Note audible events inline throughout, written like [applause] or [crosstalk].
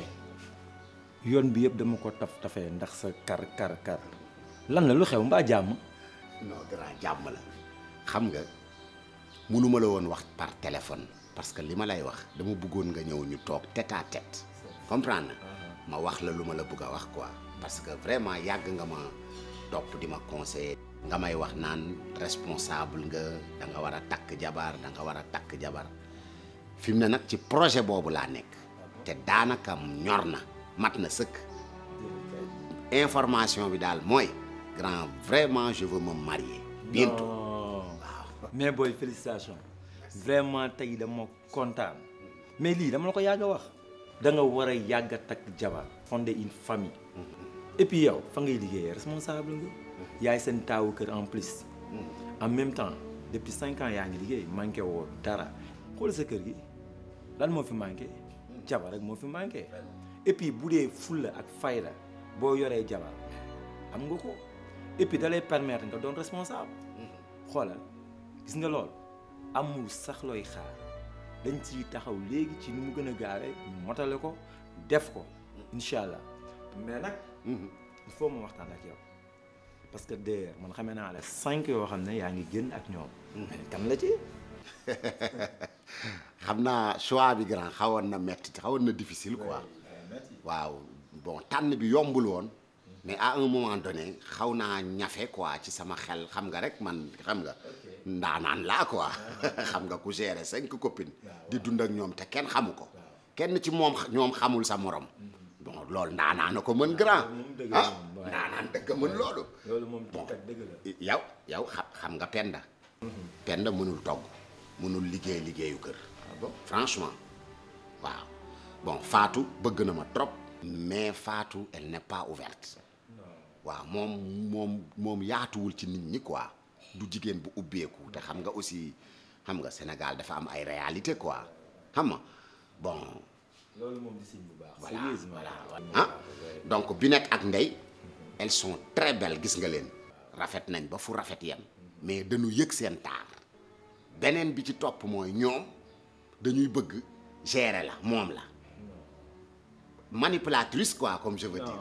Yon yoon bi yeb dama ko taf tafé ndax sa kar kar kar lan la lu xew mba jam? No, dara jam la xam nga munuma la won wax par téléphone parce que lima ma lay wax dama bëggoon nga ñëw ñu tok tête à tête comprendre uh-huh. ma wax la luma la bëgg wax quoi parce que vraiment yag nga ma top di ma conseiller nga may wax nan responsable nga da nga wara tak jabar da nga wara tak jabar fimna nak ci projet bobu la nek te daanaka ñorna na mat na information bi dal moy grand vraiment je veux me marier bientôt mais boy félicitations vraiment tey mo kontaan mais li dama la ko yàgg wax da nga wara yaga tak a fonder une famille et puis yow fa ngay liggéeyee responsable nga yaay sen taawu keur en plus en même temps depuis cinq ans yaa ngi liggéey manqué dara xool sa keur gi lan mo fi manqué jaba rek mo fi manké et puis bu foule ak fayda bo yoré jaba am nga et puis dalay permettre responsable Voilà. Mm-hmm. gis nga lool amul sax loy xaar dañ ci taxaw ci ni ko def mm-hmm. mais mm-hmm. il faut parce que d'ailleurs man xamé na ak [laughs] xam naa choix bi grand xawoon na metti xawoon na difficile waaw bon tànn bi yombul woon mais à un moment donné xaw naa ñafe koi ci sama xel xam nga rek man xam nga ndaanaan laa koi ah, [laughs] xam nga ku gérer cinq copines ah, di dund ak ñoom te kenn xamu ko ah. kenn ci moom ñoom xamul sa morom mm-hmm. bon loolu ndaanaan na ko mën grand ah ndaanaan dëgg mën loolu bon yow xam nga penda mm-hmm. penda mënul togg mënul liggéey liggéeyu kër. Ah franchement waaw bon Fatou bëgg na ma trop. mais Fatou elle n'est pas ouverte waaw moom moom moom yaatuwul ci nit ñi quoi du jigéen bu ubbeeku te xam nga aussi xam nga Sénégal dafa am ay réalité quoi xam nga bon. loolu moom di signe bu baax. voilà voilà ah donc bi nekk ak ndey mhm. elles sont très belles gis nga leen. rafet nañ ba fu rafet yem. Mhm. mais dañu yëg seen taar. beneen bi ci topp mooy ñoom dañuy bëgg gérer la moom la manipulatrice quoi comme je veux dire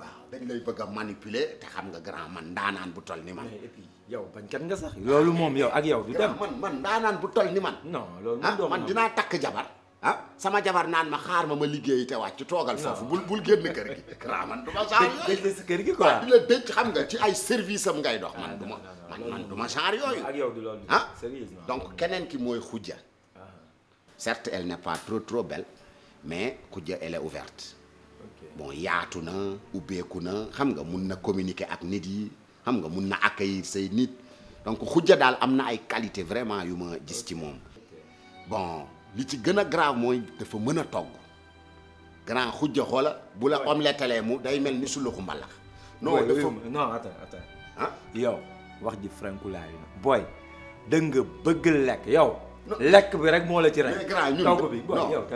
waaw dañ bëgg a manipuler te xam nga grand man ndaanaan bu toll ni man. et puis yow nga sax. loolu moom yow ak yow du dem man man ndaanaan bu toll ni man. non loolu ah, man dinaa takk jabar. ah sama jabar naan ma xaar ma ma liggéeyi te wàcc toogal foofu bul bul génn kër gi [laughs] raaman du ma genre yooyu kër gi quoi di la dëj xam nga ci ay service am ngay dox ah, man du ma man man du ma genre yooyu ak yow du loolu ah donc keneen ki mooy xujja ah. certes elle n'est pas trop trop belle mais xujja elle est ouverte bon yaatu na ubbeeku na xam nga mun na communiquer ak nit yi xam nga mun na accueillir say nit donc xujja daal am na ay qualité vraiment yu ma gis ci moom bon li ci gën a grave mooy dafa mën a togg grand xujja xoola bu la omlettalee mu day mel ni suluxu mbalax non dafa non yow wax ji frankulaayu na booy dëgg nga bëgg lekk yow lekk bi rek moo la ci rey grand ñun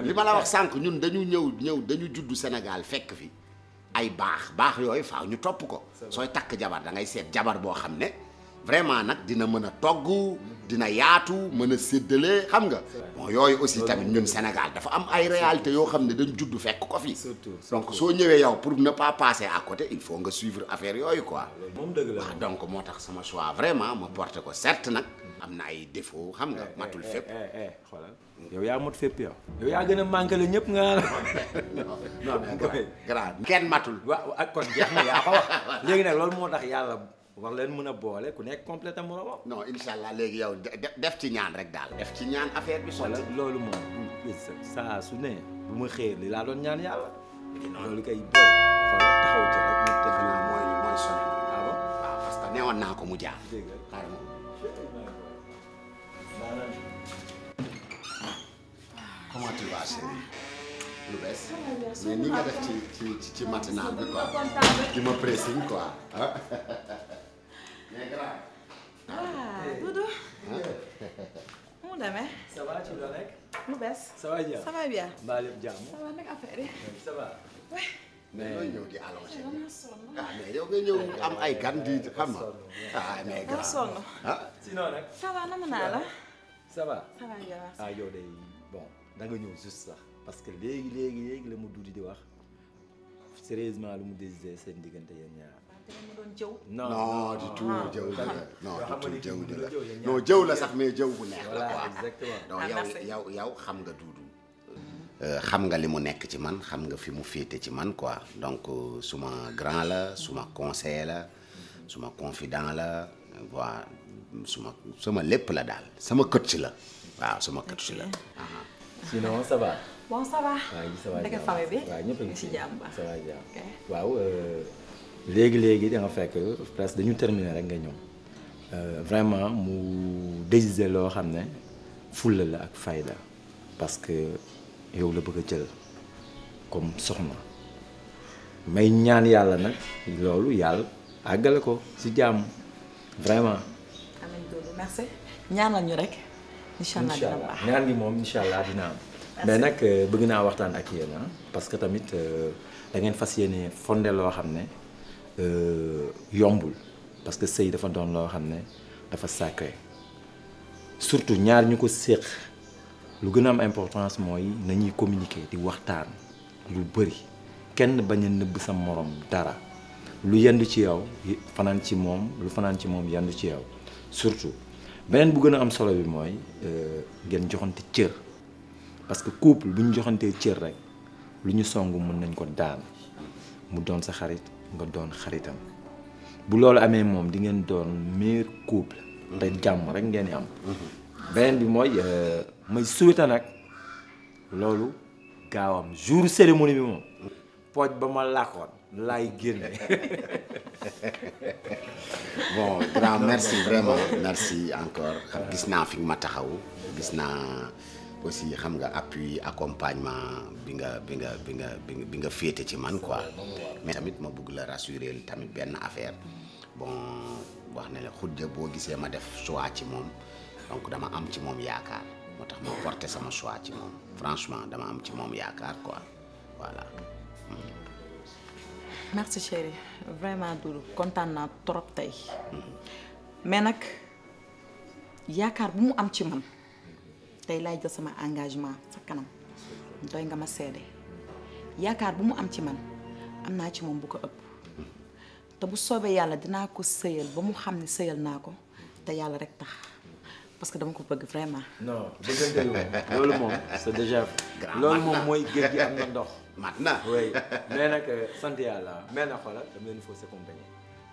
li ma la wax sànq ñun dañu ñëw ñëw dañu juddu Sénégal fekk fi ay baax baax yooyu faaw ñu topp ko sooy takk jabar da ngay seet jabar boo xam ne vraiment nak dina mën a togg dina yaatu mën a xam nga bon yoy aussi tamit ñun Sénégal dafa am ay réalité yo xamné ne dañ judd fekk ko fi donc so ñëwé yow pour ne pas passer à côté il faut nga suivre affaire yooyu quoi mom deug la donc motax sama choix vraiment ma porter ko certes nak amna ay défaut xam nga eh, eh, matul eh, fépp xoolal yow ya mot fepp yow yow ya gëna a manqué ñëpp nga [laughs] non mais grand kenn matul ak kon jeex na ya ko wax [laughs] léegi nak lool motax yalla war leen mën a non incha allah yow def ci ñaan rek def ci ñaan affaire bi l'a. su doon ñaan kay rek ah ah, parce que mu dégg comment tu vas chérie lu bees mais ni nga def ci ci ci quoi quoi hein? [laughs] mais grand. ah Doudou. mu demee. ci loo nekk. lu bees. ça va bien ça va bien. mbaa lépp jàmm. ça va nag affaire yi. ça va. mais di allongé. ah mais yow nga am ay gan di xam nga. ah ah sinon nag. ça va nam naa la. ça va. bon da nga ñëw juste parce que léegi léegi léegi la mu Doudou di wax sérieusement lu mu désiré seen diggante yéen ñaar. no doon jëw non du tout jëw la non du tout jëw la non jëw la sax mais jëw bu neex la quoi exactement donc yow yow yow xam nga duudu euh, xam nga li mu nekk ci man xam nga fi mu féete ci man quoi donc euh, suma grand la suma conseil la suma confident la voilà suma suma lépp la dal, sama coach la waaw sama coach la ah, ah. sinon ça va bon ça va waaw ça va naka famille bi waaw ñëpp a ngi si jàmm waaw euh, léegi léegi da nga fekk presque dañu terminer rek nga ñëw euh, vraiment mu décider loo xam ne fulla la ak fayda parce que yow la bëgg a jël comme soxna may ñaan yàlla nag loolu yàlla àggale ko ci jàmm vraiment. amiin loolu merci ñaanal ñu rek. incha allah dina baax ñaan gi moom incha allah dina am. mais nag euh, bëgg naa waxtaan ak yéen ah, parce que tamit euh, da ngeen fas yéene fonde loo xam ne. Euh, yombul parce que sey dafa don lo xamné dafa sacré surtout ñaar ñu ko séq lu gëna am importance moy nañuy communiquer di waxtaan lu bëri kenn baña neub morom dara lu yendu ci yow fanaan ci mom lu fanaan ci mom yendu ci yow surtout benen bu gëna am solo bi euh gën joxante parce que couple buñ joxante joxantee rek lu ñu mën ko daan mu doon sa xarit nga doon xaritam bu loolu amee moom di ngeen doon meilleur couple. jàmm rek ngeen am. Mhm. beneen bi mooy euh, may souhaiter nag loolu gaawam jour cérémonie bi moom pooj ba ma làkkoon laay génne. [laughs] bon grand merci vraiment merci encore xam gis naa fi ma taxaw gis naa. aussi xam nga appui accompagnement bi nga bi nga bi nga bi nga fété ci man quoi mais tamit ma bëgg la rassurer tamit ben affaire bon wax na la xudja bo gisé ma def choix ci mom donc dama am ci mom yaakar motax ma porter sama choix ci mom franchement dama am ci mom yaakar quoi voilà hmm. merci chérie vraiment Doudou content na trop tay hmm. mais nak yaakar bu mu am ci man tey lay jël sama engagement sa kanam doy nga ma seede yaakaar bu mu am ci man am naa ci moom bu ko ëpp te bu soobee yàlla dinaa ko sëyal ba mu xam ne sëyal naa ko te yàlla rek tax parce que dama ko bëgg vraiment. non bëggante moom loolu moom c'est déjà loolu moom mooy géej gi am na ndox. maintenant oui mais nag euh, sant yàlla mais na xoolal dama leen fausse compagnie.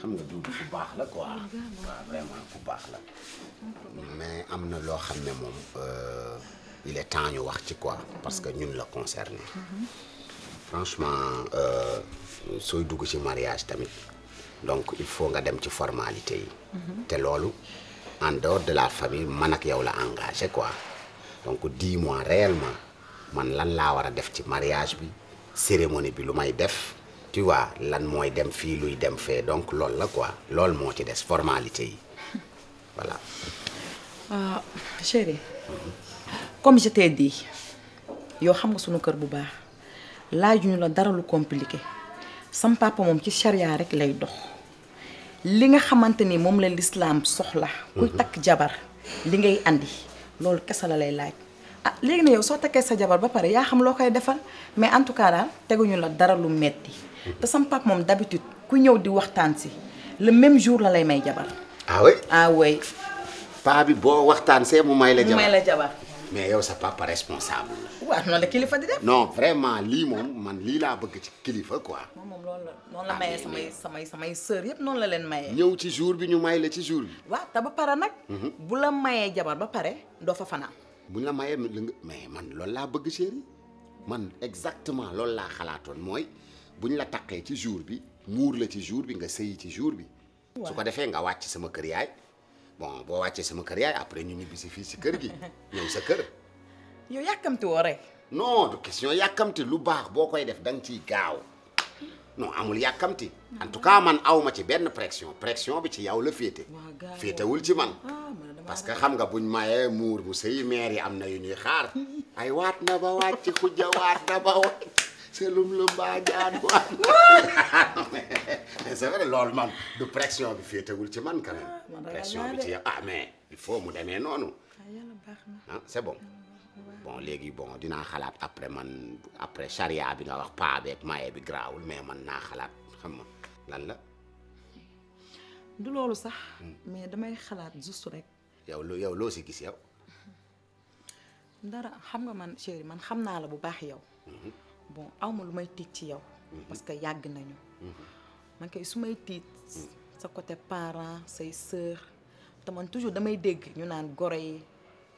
xam nga Doudou ku baax la quoi oh vraiment ku baax la mais am na loo xam ne euh, il est temps ñu wax ci quoi parce que ñun la concerné franchement euh, sooy dugg ci mariage tamit donc il faut nga dem ci formalité yi mhm. te loolu en dehors de la famille man ak yow la engagé quoi donc dis-moi réellement man lan laa war def ci mariage bi cérémonie bi lu def tu vois lan moy dem fi luy dem fe donc loolu la quoi loolu mo ci des formalité yi voilà. ah chérie comme je t'ai dit yo xam nga sunu keur bu baax laajuñu la dara lu compliqué sam papa mom ci charia rek lay dox li nga xamanteni mom la l'islam soxla. kuy mhm. tak jabar li ngay andi loolu kessa la lay laaj. ah léegi na yow soo takkee sa jabar ba pare yaa xam loo koy defal mais en tout cas daal teguñu la dara lu metti te sama pap moom d'habitude ku ñëw di waxtaan si le même jour la lay may jabar. ah, ah bi boo waxtaan see mu may la jabar mu jabar. mais yow sa papa responsable la. waaw la kilifa di def. non vraiment lii moom man lii laa bëgg ci kilifa quoi. moom moom loolu la noonu la ah, mayee samay samay samay sœur yëpp noonu la leen mayee. ñëw ci jour bi ñu may la ci jour bi. waaw te ba pare nag. Mhm. bu la mayee jabar ba pare doo fa bu la maye mais man lool la bëgg chéri man exactement lool la xalaatoon mooy buñ la taqee ci jour bi muur la ci jour bi nga sey ci jour bi. su ko defee nga wàcc sama kër yaay bon boo wàccee sama kër yaay après ñu ñibbi si fii si kër gi [laughs] ñëw sa kër. yow yàkkamti woo rek. non du question yàkkamti lu baax boo koy def da nga ciy gaaw non amul yàkkamti en tout cas man awma ci benn pression pression bi ci yow la féete. féetewul ci man. Ah. parce que xam nga buñ mayee muur bu sëy maire yi am na yu ñuy xaar ay waat na ba wàcc xujja waat na ba wàcc selum lu mbaa jaan waat c'est vrai loolu man du pression bi féetewul ci man quand même pression bi ci yow ah mais il faut mu demee noonu ah c'est bon bon léegi bon dinaa xalaat après man après charia bi nga wax paa beeg maye bi garaawul mais man naa xalaat xam nga lan la du loolu sax mais damay xalaat juste rek yow loo yow loo si gis yow. dara xam nga man chérie man xam naa la bu baax yow. Mhm. bon awma lu may tiit ci yow. Mhm. parce que yàgg nañu. Mhm. man kay su may tiit sa côté parent say sœur te man toujours damay dégg ñu naan goro yi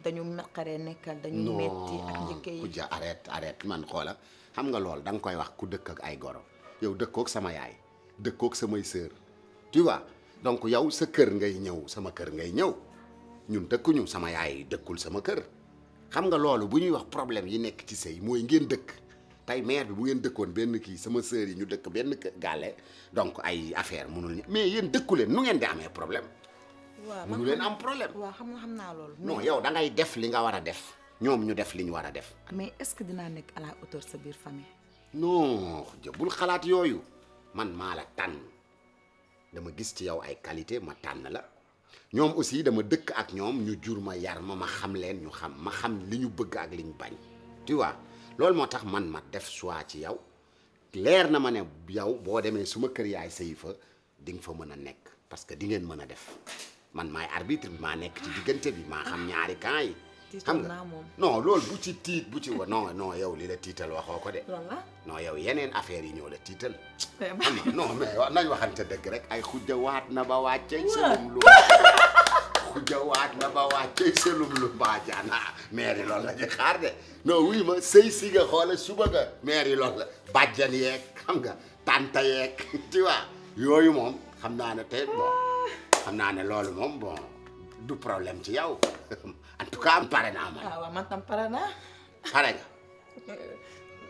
dañu naqaree nekkal dañu metti ak njëkk yi arrête man xoola xam nga lool da nga koy wax ku dëkk ak ay goro yow dëkkook sama yaay dëkkook samay sœur tu vois donc yow sa kër ngay ñëw sama kër ngay ñëw. ñun dëkkuñu sama yaay dëkkul sama kër xam nga loolu bu ñuy wax problème yi nekk ci sëy mooy ngeen dëkk tey maire bi bu ngeen dëkkoon benn kii sama sœur yi ñu dëkk benn gàlle donc ay affaire mënul mais yéen dëkku leen nu ngeen di amee problème waaw mënu leen am problème waaw xam nga xam naa loolu non yow da ngay def li nga war a def ñoom ñu def li ñu war a def mais est-ce que dinaa nekk à la sa biir famille non bul xalaat yooyu man maa la tànn dama gis ci yow ay qualité ma tànn la ñoom aussi dama dëkk ak ñoom ñu jur ma yar ma ma xam leen ñu xam ma xam li ñu bëgg ak li ñu bañ tu loolu moo tax man ma def choix ci yow leer na ma ne yow boo demee suma kër yaay sëy fa di nga fa mën a nekk parce que di ngeen mën a def man maay arbitre bi maa nekk ci diggante bi maa xam ñaari camp yi xam nga non loolu bu ci tiit bu wa non non yow li la tiital waxoo ko de. non yow yeneen affaire yi ñoo la tiital. xam nga non mais nañ waxante dëgg rek ay xujja waat na ba wàcceeg selum lu. xujja waat ba wàcceeg selum lu la ñu xaar de non wuy ma sëy si suba nga maire yi la bàjjan yeeg xam nga tanta yeeg [laughs] tu vois yooyu moom xam naa ne tey bon ah. xam naa ne loolu du problème ci yow. [laughs] en tout cas am pare naa man. waaw man naa. pare nga.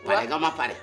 pare nga ma pare.